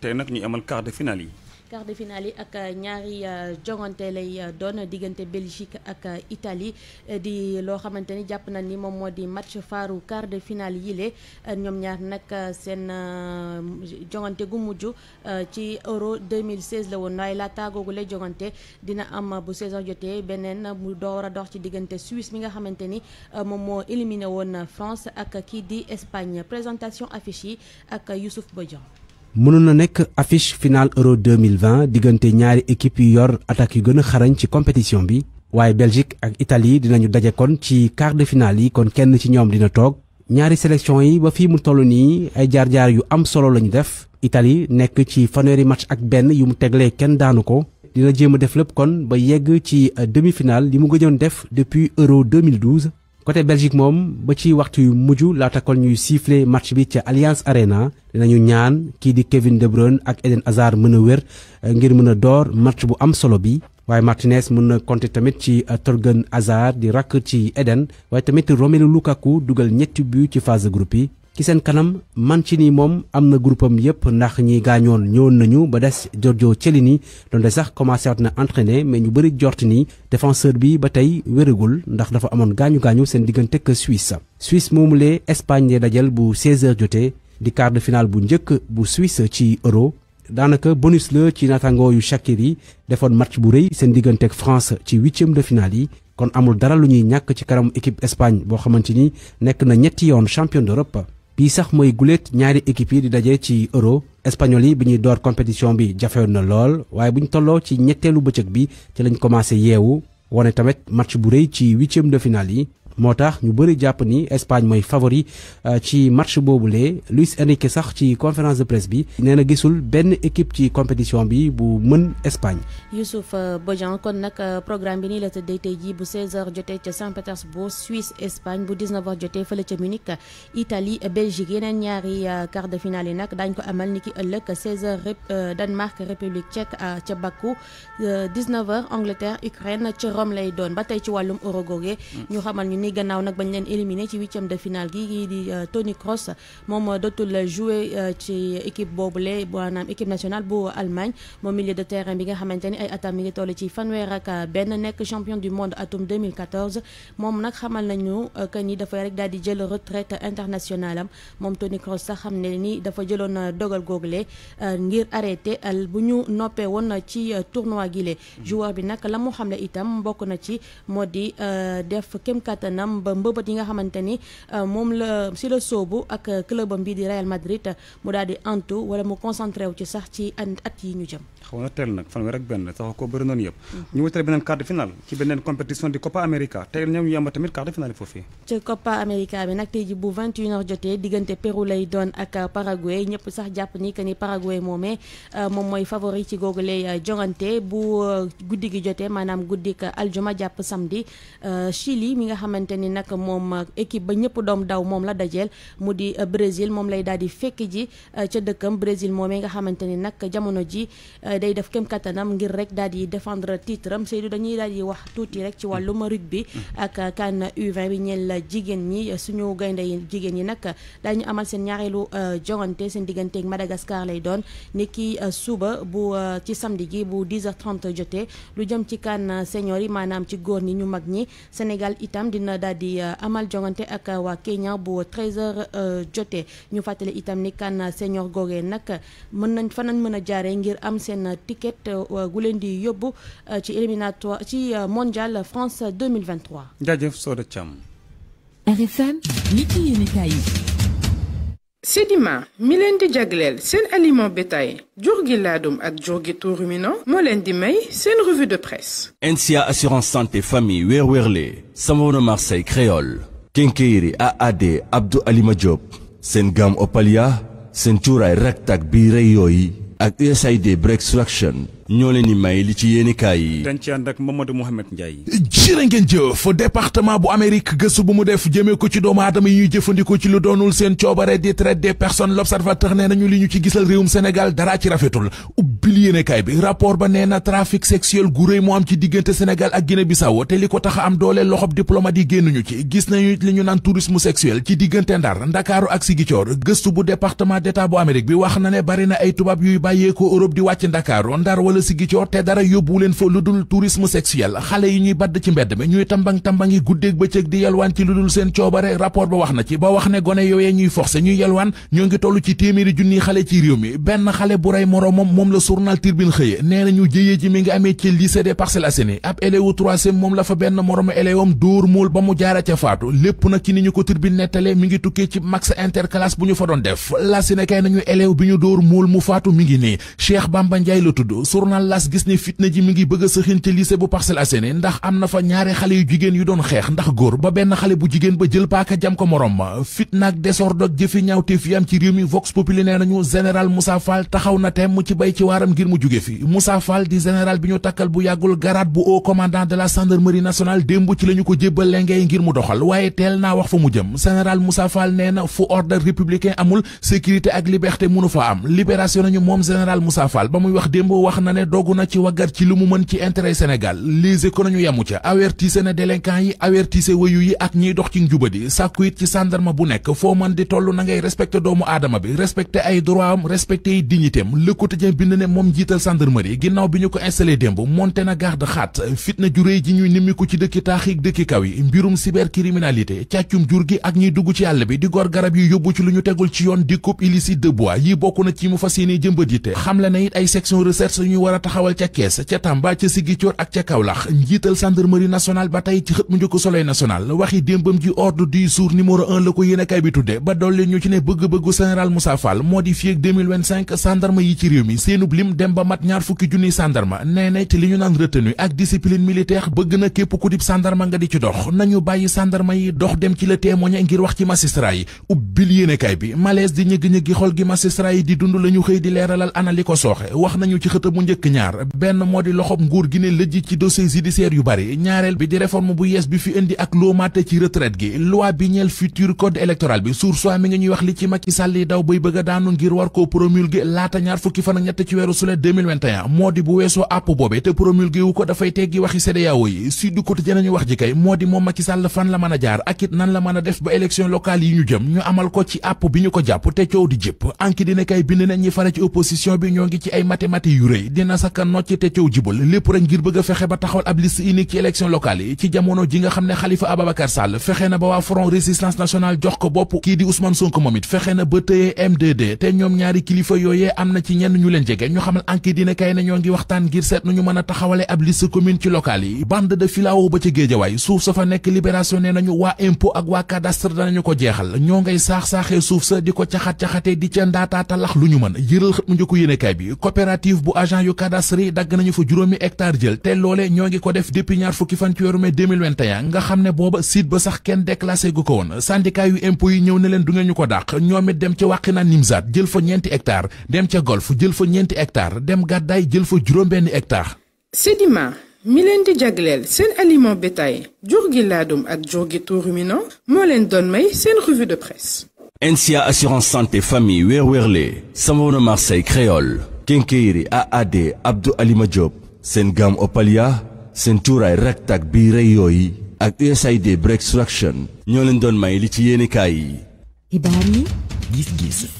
tey nag ñu amal quart de finale yi. quart de finale ak euh, ñaari euh, jogonté lay euh, don Belgique ak Italie di lo xamanteni japp jàpp na ni mom modi match faaru quart de finale yile ñom ñaar nak Sen jogonté gu muju ci Euro 2016 la woon waaye laata googu lay jogonté dina am bu saison jotee benen mu doora dox ci Suisse mi nga xamanteni ni éliminé won France ak ki di Espagne présentation affichée ak Youssouf Bodian mënoon na nek affiche finale euro 2020 digënté ñaari équipe yu yor attaque yu gëna xarañ ci compétition bi waaye Belgique ak Italie dinañu daje kon ci quart de finale yi kon kenn ci ñom dina toog ñaari sélection yi ba fi mu tollu ni ay jaar-jaar yu am solo lañu def Italie nek ci fanweeri match ak ben yu mu teglee kenn daanu ko dina jëm def lepp kon ba yegg ci demi-finale li mu gëjoon def depuis euro 2012 côté Belgique moom ba ci waxtu yu mujj laata kon ñuy siffler match bi ca Allianz Arena dinañu ñaan kii di Kevin De Bruyne ak Eden Hazard mën a wér eh, ngir mën a door match bu am solo bi waaye Martinez mën na compter tamit ci eh, Torgan Hazard di rakk ci Eden waaye tamit Romelu Lukaku dugal ñetti but ci phase de groupe ki seen kanam Mancini moom am na groupe am yep ndax ñi gañoon ñëwoon nañu ba des Giorgio don de sax commencé waat na entraîné mais ñu bari jort ni défenseur bi ba wéragul ndax dafa amone gañu gañu seen digënté que Suisse. Suisse momulé Espagne de dajal bu 16h jotee di quart de finale bu njëkk bu Suisse ci euro danaka bonus le ci Natango yu Shakiri yi match bu reuy seen digënté France ci huitième de finale yi. kon amul dara lu ñuy ñàkk ci karam équipe Espagne bo xamante n'ek na ñetti yoon champion d'Europe bi sax mooy guléet ñaari équipe yi di daje ci euro espagnol yi bi ñuy door compétition bi jafewoon na lool waaye bu ñu tolloo ci ñetteelu bëccëg bi ci lañ commencé yeewu wane tamit match bu rëy ci huitième de yi motax ñu bari japp ni Espagne moy favori euh, ci match boobule Luis Enrique sax ci conférence de presse bi néna gisul benn équipe ci compétition bi bu mën Espagne. Youssouf euh, Bodian kon nak euh, programme bi ni la tëddee tay ji bu 16h jotee ci Saint-Pétersbourg Suisse Espagne bu 19h jotee fele ci Munich Italie Belgique yenen ñaari quart de finale yi nag daañu ko amal niki, ëlëk 16h Danemark République tchèque ci Bakou 19h Angleterre Ukraine ci Rome lay doon ba tey ci walum euro ñu xamal ñu ni gannaaw nag bañ leen éliminé ci huitième de finale gi di euh, Toni Kroos moom dootul joué euh, ci équipe boobule maanaam équipe nationale bu Allemagne moom milieu de terrain bi nga xamante ni ay atam mi ngi toll ci fanweer ak benn nekk champion du monde atum 2014 moom nag xamal nañu euh, que ni dafa rek daal di jël retraite internationale am moom Toni Kroos sax xam ne ni dafa jëloon dogal googule ngir arrêté bu ñu noppee woon ci tournoi gile hmm. joueur bi nag la mu xamle itam bokk na ci moo di def kem kattan maanaam ba mbëbët yi nga xamante ni euh, moom la si la soobu ak euh, clubam bi di Real Madrid mu daal di antu wala mu concentré ci sax ci at yi ñu jëm. xaw nag fanweer ak benn sax ko bëri noonu yëpp. ñu wutale beneen quart de ci beneen compétition di Copa America tey ñoom yamba tamit quart de finale foofii. ci Copa America bi nag tey ji bu 21h jotee diggante Pérou lay doon ak euh, Paraguay ñëpp sax jàpp ni que ni Paraguay moomee moom mooy favori ci googu lay xamante ni nag moom eh, équipe ba ñëpp doom daw mom la dajel mu di eh, brésil mom lay daldi fekk ji eh, ci dëkkam brésil momé nga xamante ni jamono ji day def kem katanam ngir rek daldi défendre titre am Seydou dañuy daldi wax touti rek ci rugby ak kan U20 bi la jigen ñi suñu gaynde yi jigéen ñi nak dañu amal seen ñaarelu jogante seen diggante ak Madagascar lay doon ni suba bu ci samedi gi bu 10h30 jotee lu jëm ci kan senior yi maanaam ci góor ni ñu mag ñi Sénégal itam dina dina daal di euh, amal jongante ak euh, waa Kenya bu 13h euh, jotee ñu fàttali itam ni kan senior googee nag mën nañ fa nañ mën a jaaree ngir am seen ticket gu leen di yóbbu ci éliminatoire ci mondial France 2023. jaajëf Soda Thiam. RFM nit yi yéen Sedima mi leen di jagleel seen aliment bétail jur gi laadum ak jur gi tout di may seen revue de presse NSIA assurance santé famille wéer wéerle samawona Marseille créole Kenkeyri AAD Abdou Alima Diop seen gam Opalia seen cuuraay raktak bi rey ak USAID break Action ñoo leen di may li ci yéenekaay yi. dañ ci ànd ak Mamadou Mouhamed Ndiaye. jërë ngeen jëf département bu Amérique gëstu bu mu def jëmee ko ci doomu aadama yi ñuy jëfandikoo ci lu doonul seen coobare di traite des personnes l'observateur nee nañu li ñu ci gisal réewum Sénégal dara ci rafetul. tribune yéenekaay bi rapport ba nee na trafic sexuel gu réy moo am ci diggante Sénégal ak Guinée Bissau te li ko tax a am doole loxob diplomate yi génnuñu ci gis nañu li ñu naan tourisme sexuel ci diggante Ndar Ndakaaru ak Sigicoor gëstu bu département d'état bu Amérique bi wax na ne bari na ay tubaab yuy bàyyeekoo Europe di wàcc Ndakaaru Ndar wala Sigicoor te dara yóbbu leen fa lu dul tourisme sexuel xale yi ñuy badd ci mbedd mi ñuy tambang-tambangi guddeeg bëccëg di yalwaan ci lu dul seen coobare rapport na ci ba wax ne gone yooyee ñuy forcé ñuy yalwaan ñoo ngi toll ci téeméeri junni xale ci réew mi benn xale bu rey moroomam moom la sur journal Tribune xëye nee nañu jëyee ji mi ngi amee ci lycée des Parcelles Assainies ab élève troisième moom la fa benn morooma élèveam dóor mool ba mu jaara ca faatu lépp nag ci ni ñu ko Tribune nettalee mi ngi tukkee ci max interclasse bu ñu fa doon def las ne kay nañu élève bi ñu dóor mool mu faatu mi ngi nii Cheikh Bamba Ndiaye la tudd journal las gis ne fitna ji mi ngi bëgg a sëxin ci lycée bu Parcelles Assainies ndax am na fa ñaari xale yu jigéen yu doon xeex ba benn xale bu ba jël paaka jam ko morom mi Vox Populi nee nañu général Moussa xalaatam ngir mu jóge fi Moussa Fall di général bi ñu takkal bu yàggul garaat bu haut commandant de la gendarmerie nationale démb ci la ko jébbal lengey ngir mu doxal waaye teel naa wax fa mu jëm général Moussa nee na fu ordre républicain amul sécurité ak liberté mënu fa am libération nañu moom général Moussa ba muy wax démb wax na ne dogu na ci waggar ci lu mu mën ci intérêt Sénégal lise ko nañu yamu ca avertise na délinquant yi avertise wëyu yi ak ñiy dox ci njubadi sàkku it bu nekk foo mën di toll na ngay respecté doomu aadama bi respecté ay droit am respecté yi moom njiital gendarmerie ginnaaw bi ñu ko installé démb monté na garde xaat fitna ju ji ñuy nimmiku ci dëkki taax yi dëkki kaw yi mbirum cybercriminalité càccum jur gi ak ñuy dugg ci àll bi di gor garab yi yóbbu ci lu ñu tegul ci yoon di coupe illicite de bois yi bokk na ci mu fas yéene jëmbat yite xam la ne it ay section recherche yu ñu war a taxawal ca Kees ca Tamba ca Sigicoor ak ca Kaolack njiital gendarmerie nationale ba tey ci xët mu njëkk Soleil national waxi démbam ji ordre du jour numéro un la ko yéenekaay bi tudde ba dolli ñu ci ne bëgg-bëggu moo di fii ak 2025 yi ci réew mi lim dem ba mat ñaar fukki junniy sàndarma nee na ci li ñu naan retenue ak discipline militaire bëgg na képp ku dib sàndarma nga di ci dox nañu bàyyi sàndarma yi dox dem ci la témoigner ngir wax ci magistrat yi yi di dund la xëy di leeralal ana ko sooxe wax nañu ci xët mu njëkk ñaar benn moo di loxob nguur gi ne lëjj ci dossier judiciaire yu bari ñaareel bi di réforme bu yees bi fi indi ak loo ci retraite gi loi bi ñeel futur code électoral bi source a daanu ngir war koo promulguer laata ñaar weeru sulet 2021 moo di bu weesoo àpp boobe te promulgué wu ko dafay teggi waxi CEDEAO yi si du côté dinañu wax ji kay moo di Macky Sall fan la mën a jaar ak it nan la mën def ba élection locale yi ñu jëm ñu amal ko ci binyo bi ñu ko di jëpp anki dina kay bind nañ ñi fare ci opposition bi ñoo ngi ci ay mathématiques yu rëy dina saka nocc te coow jibal lépp batahol ngir bëgg a fexe ba taxawal ab liste unique ci élection locale yi ci jamono ji nga Khalifa Ababacar Sall fexe na ba waa Front Résistance Nationale jox ko bopp kii di Ousmane Sonko momit it na ba tëyee MDD te ñoom ñaari kilifa yooyee amna na ci ñenn ñu leen ñu xamal enquête dina kay na ñoo ngi waxtaan ngir mën a taxawale ab liste commune yi bande de filao ba ca géejawaay suuf sa nekk libération nee nañu waa impôt ak waa cadastre danañu ko jeexal ñoo ngay saax-saaxee suuf sa di ko caxat-caxatee di ca ndaataata lax lu ñu mën jëral xët mu njëkk yéenekaay bi coopérative bu agent yu cadastre yi dagg nañu fa juróomi hectare jël te loole ñoo ngi ko def depuis ñaar fukki fan ci weeru mai 2021 nga xam ne booba site ba sax kenn déclassé gu ko woon syndicat yu impôt yi ñëw ne leen du ngeen ñu ko dàq ñoom it dem ca wàqi naan nimsaat jël fa ñeenti hectare dem ca golf jël fa ñeenti hectare hectare dem gaday jël fa juróom hectare Sedima mi di jaglel sen aliment bétail jur gi ladum ak jur gi tout ruminant may sen revue de presse. NSIA assurance santé famille weer weerle Samaouna Marseille créole kinkeyri AAD Abdou Alima Diop sen gam Opalia sen touray raktak bi rey ak USAID Breakthrough Action ñoo may li ci yéenekaay yi. gis-gis.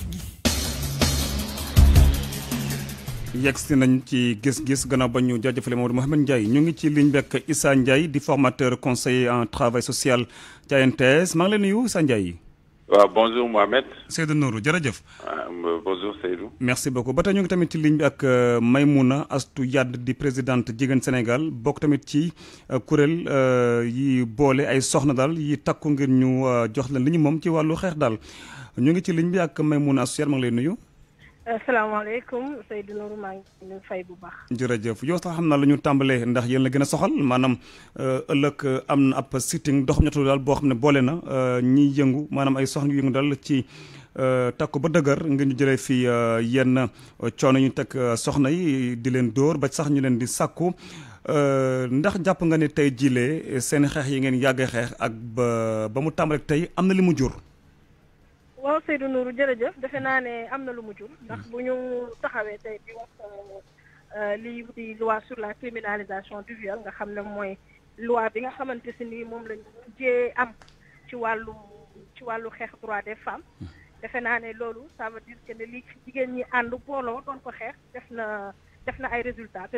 yegsi nañ ci gis-gis gannaaw ba ñu jaajëfale Mamadou Mouhamed Ndiaye ñu ngi ci ligne bekk Issa Ndiaye di formateur conseiller en travail social ca NTS maa ngi leen nuyu Issa Ndiaye. waaw bonjour Mohamed. Seydou Nourou jërëjëf. Ah, bonjour Seydou. merci beaucoup ba tey tamit ci ligne bi ak euh, Maymouna Astou Yade di présidente Jigéen Sénégal bokk tamit ci euh, kuréel euh, yi boole ay soxna daal yi takku ngir ñu jox leen li ñu moom ci wàllu xeex daal ñu ngi ci ligne bi ak Maymouna Astou Yade maa ngi lay nuyu. asalaamaaleykum Seydou Nourou maa ngi fay bu baax. jërëjëf yow sax xam naa la ñu tàmbalee ndax yéen la gën a soxal maanaam euh, ëllëg euh, am na ab sitting dox ñatu daal boo xam ne boole na euh, ñiy yëngu maanaam ay yu yëngu daal ci. takk ba dëgër ngir ñu jëlee fi yenn coono ñu teg soxna yi di leen dóor ba sax ñu leen di sàkku ndax jàpp nga ne tey jilee seen xeex yi ngeen yàggee xeex ak ba ba mu tàmbali tey am na li mu jur. waaw Seydou Nourou jërëjëf am lu mu ndax euh, loi sur la criminalisation du viol nga xam loi bi nga am ci droit des femmes cest naa ça veut dire que ne li jigéen ñi ànd booloo doon ko xeex def na def na résultats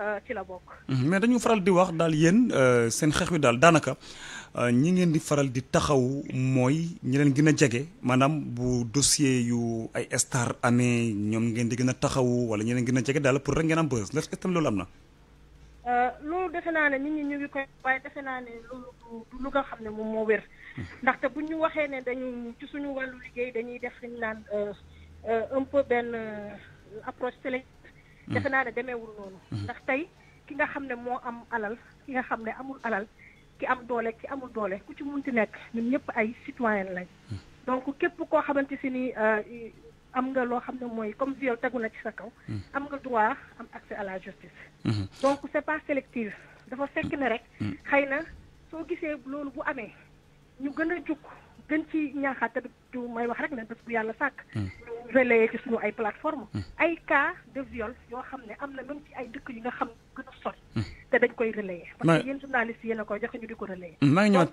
Euh, ci la bokk. Mhm. mais dañu faral di wax daal yéen euh, seen xeex wi daal daanaka euh, ñi ngeen di faral di taxaw mooy ñi leen gën a jege maanaam bu dossier yu ay star amee ñoom ngeen di gën a taxaw wala ñi leen gën a jege daal pour rek ngeen am bës ndax itam loolu am na. loolu defe naa ne nit ñi ñu ngi koy waaye defe naa ne loolu du lu nga xam ne moom moo wér. Mhm. ndaxte bu ñu waxee ne dañu ci suñu wàllu liggéey dañuy def li naan un peu benn approche sélective. defe naa ne demeewul noonu ndax tey ki nga xam ne moo am alal ki nga xam ne amul alal ki am doole ki amul doole ku ci mun munti nekk ñun ñëpp ay citoyen lañ donc képp koo xamante si ni euh, am nga loo xam ne mooy comme viol tegu na ci sa kaw am nga droit am accès à la justice donc c' pas sélectif dafa fekk ne rek xëy na soo gisee loolu bu amee ñu gën a jukk gën ci ñaaxaat tamit du may wax rek ne bés bu yàlla sàkk. ñu hmm. ci suñu ay plateforme hmm. ay cas de viol yoo xam ne am na même ci ay dëkk yi nga xam gën a hmm. te dañ koy relayer. parce que yéen journalistes yéen a koy joxe ñu di ko relayer. maa ngi ñëwaat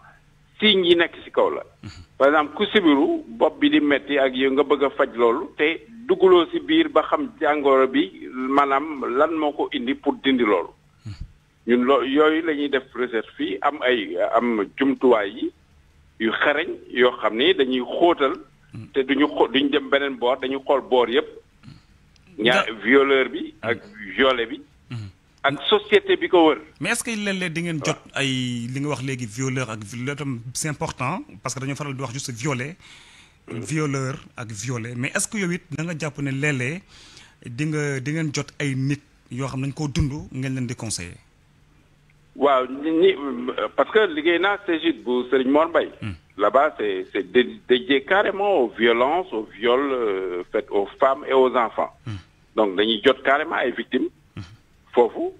signe yi nekk ci kaw la par exemple ku sibiru bopp bi di metti ak yow nga bëgg a faj loolu te dugguloo ci biir ba xam jàngooro bi manaam lan moo ko indi pour dindi loolu ñun loo yooyu lañuy def recherche fii am ay am jumtuwaay yi yu xarañ yoo xam ni dañuy xóotal te duñu xo duñu dem beneen boor dañuy xool boor yépp mm. ñaar violeur bi ak violet bi ak société bi ko wër. mais est-ce que les léeg di ngeen jot ay li nga wax léegi violeur ak violeur tam c'est important parce que dañu faral di wax juste violer. Mm. violeur ak violer mais est-ce que yow it da nga jàpp ne léeg di nga di ngeen jot ay nit yoo xam nañ koo dund ngeen leen di conseiller. waaw parce que liggéey naa juste bu Serigne Mor Mbaye. Mm. là-bas c'est c'est dédié carrément aux violences aux viols euh, faits aux femmes et aux enfants. Mm. donc dañuy jot carrément ay victimes. Pour vous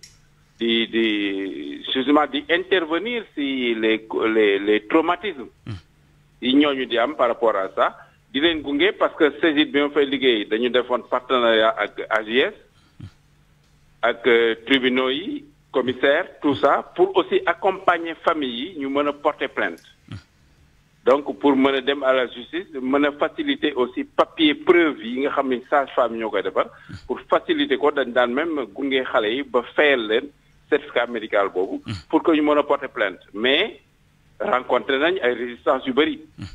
de, de, justement d'intervenir si les, les, les traumatismes yi hmm. par rapport à ça di parce que c'est bien fait de nous dañu un partenariat avec AGS avec euh, tribunaux commissaires, commissaire tout ça pour aussi accompagner les familles nous porter plainte donc pour mën dem à la justice mën faciliter aussi papier preuve yi nga xamni sage-femme ñoo koy mm. pour faciliter ko dañ même gunge xalé yi ba fayal leen certificat médical bobu mm. pour que ñu mën porter plainte mais rencontrer nañ ay résistance yu bari mm.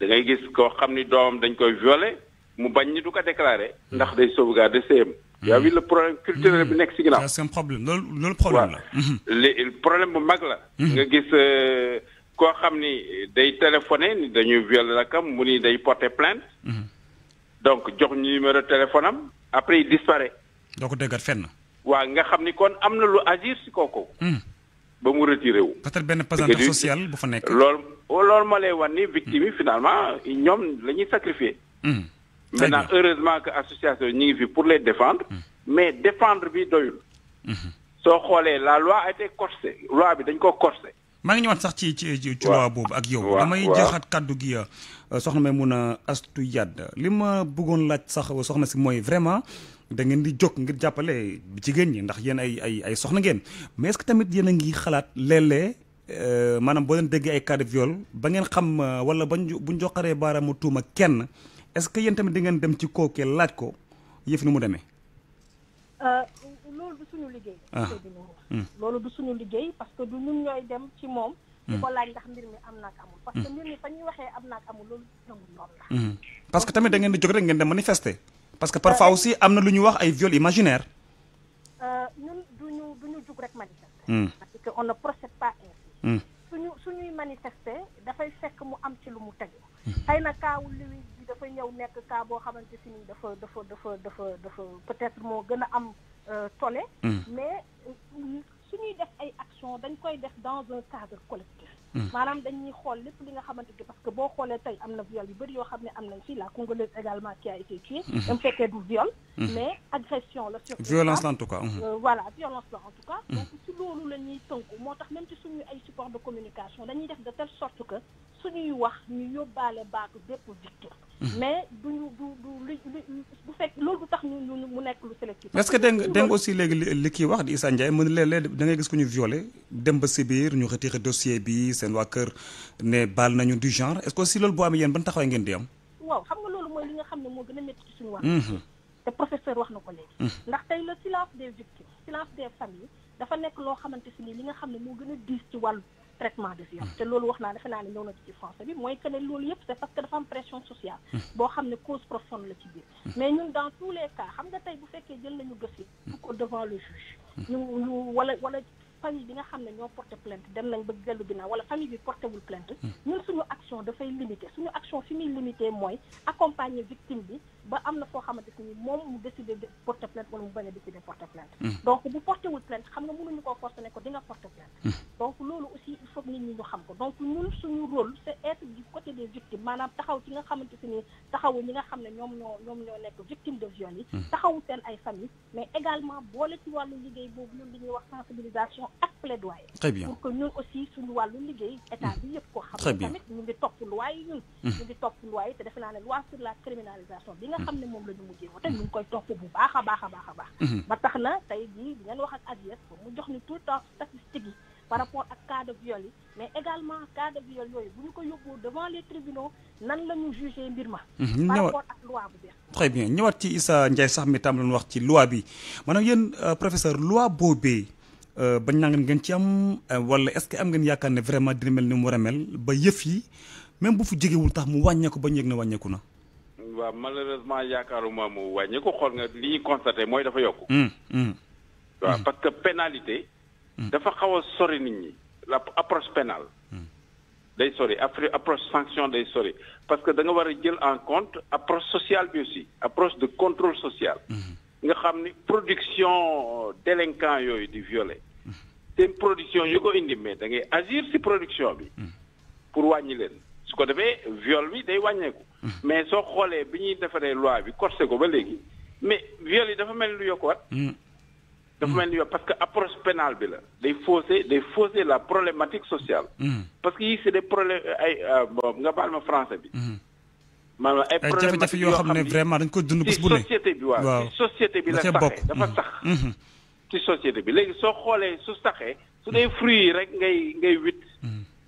da ngay gis ko xamni doom dañ koy violer mu bañ ni du ko déclarer ndax day sauvegarder CM ya wi le problème culturel bi nekk si ginnaaw c'est un problème lol mm-hmm. le problème la le problème bu mag la mm-hmm. nga gis euh, koo xamni day téléphoné ni dañuy violer rakam mu ni day porter plainte. Mhm. donc jox ñu numéro téléphone am après il disparaît. donc ko fenn. wa nga xamni kon amna na lu agir si kooku. Mhm. ba mu retirer wu. peut-être benn pesanteur social bu fa nek lol lol ma lay victime mhm. finalement ñoom la ñuy sacrifier. maintenant heureusement que association ñi ngi fi pour les défendre. mais défendre bi doyul. so xolé la loi a été corsée loi bi dañ ko corsée. maa ngi ñëwaat sax ci ci ci loi boobu ak yow damay joxaat kàddu gi euh, soxna may mun a astu yàdd li ma bëggoon laaj sax euh, soxna si mooy vraiment da ngeen di jóg ngir jàppale jigéen ñi ndax yéen ay ay ay soxna ngeen mais que tamit yéen a ngi xalaat léeg-léeg euh, maanaam boo leen déggee ay cas de ba ngeen xam wala bañ buñ joxaree baaraamu tuuma kenn est-ce que yéen tamit di ngeen dem ci kookee laaj ko yëf ni mu demee Mm. loolu du suñu liggéey parce que du ñun ñooy dem ci moom mm. di ko laaj ndax mbir mi am naak amul parce que mm. mbir mi fa ñuy waxee am naak amul loolu nangu noonu la parce que tamit da ngeen di jóg rek ngeen dem manifester parce que euh, parfois aussi am na lu ñu wax ay viol imaginaire euh, ñun duñu duñu jug rek manifester parce que on ne procède pas ainsi suñu suñuy manifester dafay fekk mu am ci lu mu tegu xëy na kaawu Louis bi dafa ñëw nekk kaa boo xamante si ni dafa dafa dafa dafa dafa peut-être moo gën a am Euh, tolé hmm. mais euh, suñuy def ay action dañ koy def dans un cadre collectif Hmm. maanaam dañuy xool lépp li nga xamante ni parce que boo xoolee tey am na viol yu bëri yoo xam ne am nañ fii la congolaise également qui a été tuée. Hmm. même fekkee du viol. Hmm. mais agression la sur. violence la en tout cas. Euh, voilà violence la en tout cas. donc ci loolu la ñuy tënku moo tax même ci suñu ay support de communication dañuy def de telle sorte que suñuy wax ñu yóbbaale baax bépp victoire. mais duñu du du lu bu fekk loolu du tax ñu mu nekk lu sélectif. est-ce que dégg nga dégg aussi léegi li kii wax di Issa Ndiaye mën léeg-léeg da ngay gis ku ñu violé dem ba si biir ñu xëti dossier bi seen waa kër ne baal nañu du genre est-ce que si loolu boo amee yéen ban taxawaay ngeen di am waaw xam nga loolu mooy li nga xam ne moo gën a métti ci suñu wax mhm. te professeur wax na ko léegi mhm. ndax tey le silence des victimes silence des familles dafa nekk loo xamante si ni li nga xam ne moo gën a diis ci wàllu traitement de viol mhm. te loolu wax naa defe naa ne ñëw na ci français bi mooy que ne loolu yëpp c'est parce que dafa am pression sociale boo xam ne cause profonde la ci biir mais ñun dans tous les cas xam nga tey bu fekkee jël nañu dossier ko devant le juge ñu ñu wala wala famille bi nga xam ne ñoo porté plainte dem nañ ba gëllu ginnaaw wala famille bi plainte hmm. ñun suñu action dafay limité suñu action fi limité accompagner victime bi ba am na koo xamante ni moom mu décider de porter plainte wala mu bañ a décidé porter plainte hmm. donc bu porté wul plainte xam nga mënuñu koo forcer ne ko di nga porter plainte hmm. donc loolu aussi il faut nit ñi ñu xam ko donc ñun suñu rôle c'est être du côté des victimes maanaam taxaw ci nga xamante ni taxawu ñi nga xam ne ñoom ñoo ñoom ñoo nekk victime de viol yi hmm. taxawu seen ay familles mais également boole ci wàllu liggéey boobu ñun li ñuy wax sensibilisation ak plaidoyer très bien pour que ñun aussi suñu wàllu liggéey état bi yëpp ko xam ne tamit ñu ngi topp loi yi ñun ñu ngi topp loi yi te defe naa ne loi sur la criminalisation nga hmm. xam ne moom la ñu mujjee wote ñu koy topp bu baax a baax a baax hmm. ba tax na tey jii ngeen wax ak AJS pour mu jox ni tout temps statistiques yi par rapport ak cas de viol yi mais également cas de viol yooyu bu ñu ko yóbboo devant les tribunaux nan la ñu mbir ma hmm, par rapport ci Issa Ndiaye sax mi tam lañu wax ci loi bi maanaam yéen euh, professeur loi boobee euh, bañ naa ngeen ngeen ci am euh, wala est-ce que am ngeen yaakaar ne vraiment dina mel ni mu war a mel ba yëf yi même bu fu jegewul tax mu wàññeeku ba ñu wàññeeku na malheureusement yaakaaruma mu wàññi ko xool nga li ñu constaté mooy dafa yokk hmm, hmm. waaw hmm. parce que pénalité dafa xaw a sori nit ñi la approche pénale day sori après approche sanction day sori parce que da nga war a jël en compte approche sociale bi aussi approche de contrôle social nga xam ni production euh, délinquant yooyu di violer te production yu ko indi mais da ngay agir ci production bi pour wàññi leen su ko defee viol bi day wàññeeku Mm-hmm. mais soo xoolee bi ñuy defaree loi bi corsé ko ba léegi mais viol yi dafa mel ni lu yokkuwaat. Mm-hmm. dafa mel ni yokk parce que approche pénale bi la day fausser day fausser la problématique sociale. Mm-hmm. parce que yii c'est des problèmes ay euh, bon nga baal ma français bi. maanaam ay jafe-jafe yoo xam ne vraiment dañ ko dund bés bu ne société bi waaw société bi la saxee dafa sax. ci société bi léegi soo xoolee su saxee su dee fruit rek ngay ngay witt.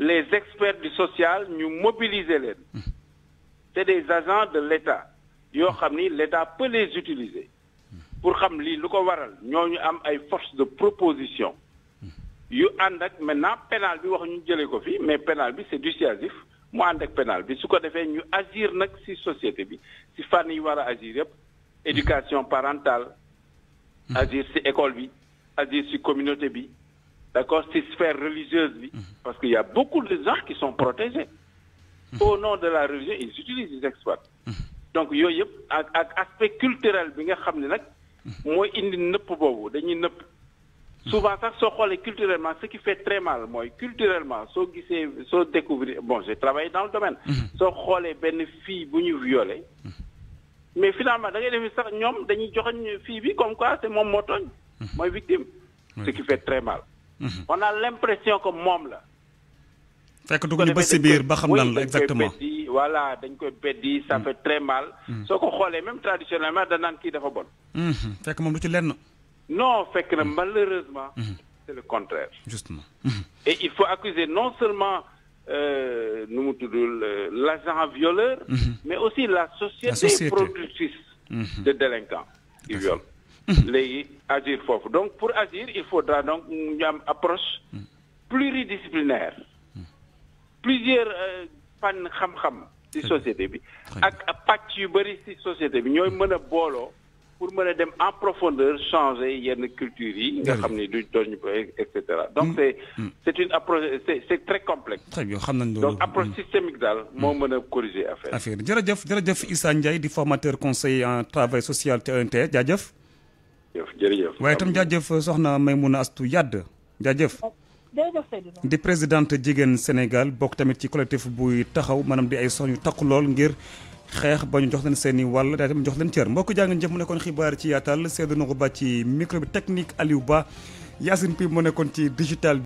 les experts du social nous mobiliser les c'est des agents de l'État yoo l'État peut les utiliser pour xam ce lu nous waral une force de proposition yu ànd maintenant pénal bi wax ñu mais ko mais pénal bi c'est dissuasif Moi, ànd ak pénal bi nous ko ñu agir ci société Si ci fànn yi agir éducation parentale agir ci école bi agir ci communauté d'accord, ces sphères religieuses, mhm. parce qu'il y a beaucoup de gens qui sont protégés. Mhm. Au nom de la religion, ils utilisent, ils exploitent. Mhm. donc il y a un aspect culturel bi nga ne souvent ça soo culturellement ce qui fait très mal moi, culturellement qui qui soo découvrir bon j'ai travaillé dans le domaine ce qui benn fille bu ñu mais finalement da ngay sax ñoom dañuy comme quoi c'est mon moton. moi, victime ce qui fait très mal Mhm. on a l'impression que mom là. Fait que ba biir ba xam lan la exactement voilà dañ koy ça mm. fait très mal. Mm. soko xolé même traditionnellement da naan ki dafa bon. Mhm. fait que du ci lenn. non fait que mm. malheureusement. Mm-hmm. c'est le contraire. justement. Mm-hmm. et il faut accuser non seulement. Euh, nous euh, l'agent violeur. Mm-hmm. mais aussi la société productrice de délinquants qui violent. léegi agir foofu donc pour agir il faudra donc une approche pluridisciplinaire plusieurs pan euh, xam-xam ci société bi ak pàcc yu bari ci société bi ñoy a pour mën dem en profondeur changer yenn culture, yi nga xamni du et donc mm. c'est mm. c'est une approche c'est très complexe donc approche mm. systémique d'al mo mën corriger affaire affaire jërëjëf jërëjëf Issa Ndiaye di formateur conseiller en travail social TNT e jaajëf jërëjëf jërëjëf. waaye itam jaajëf soxna Maimouna Astou Yadd jaajëf. Ah, di présidente jigéen Sénégal bokk tamit ci collectif buy taxaw maanaam di ay soxna yu takku lool ngir xeex ba ñu jox leen seeni i wàll daal tamit jox leen cër mbokk jaa ngeen jëf mu nekkoon xibaar ci yaatal Seydou Nourou Ba ci micro bi technique Aliou Ba Yacine Pi mu nekkoon ci digital.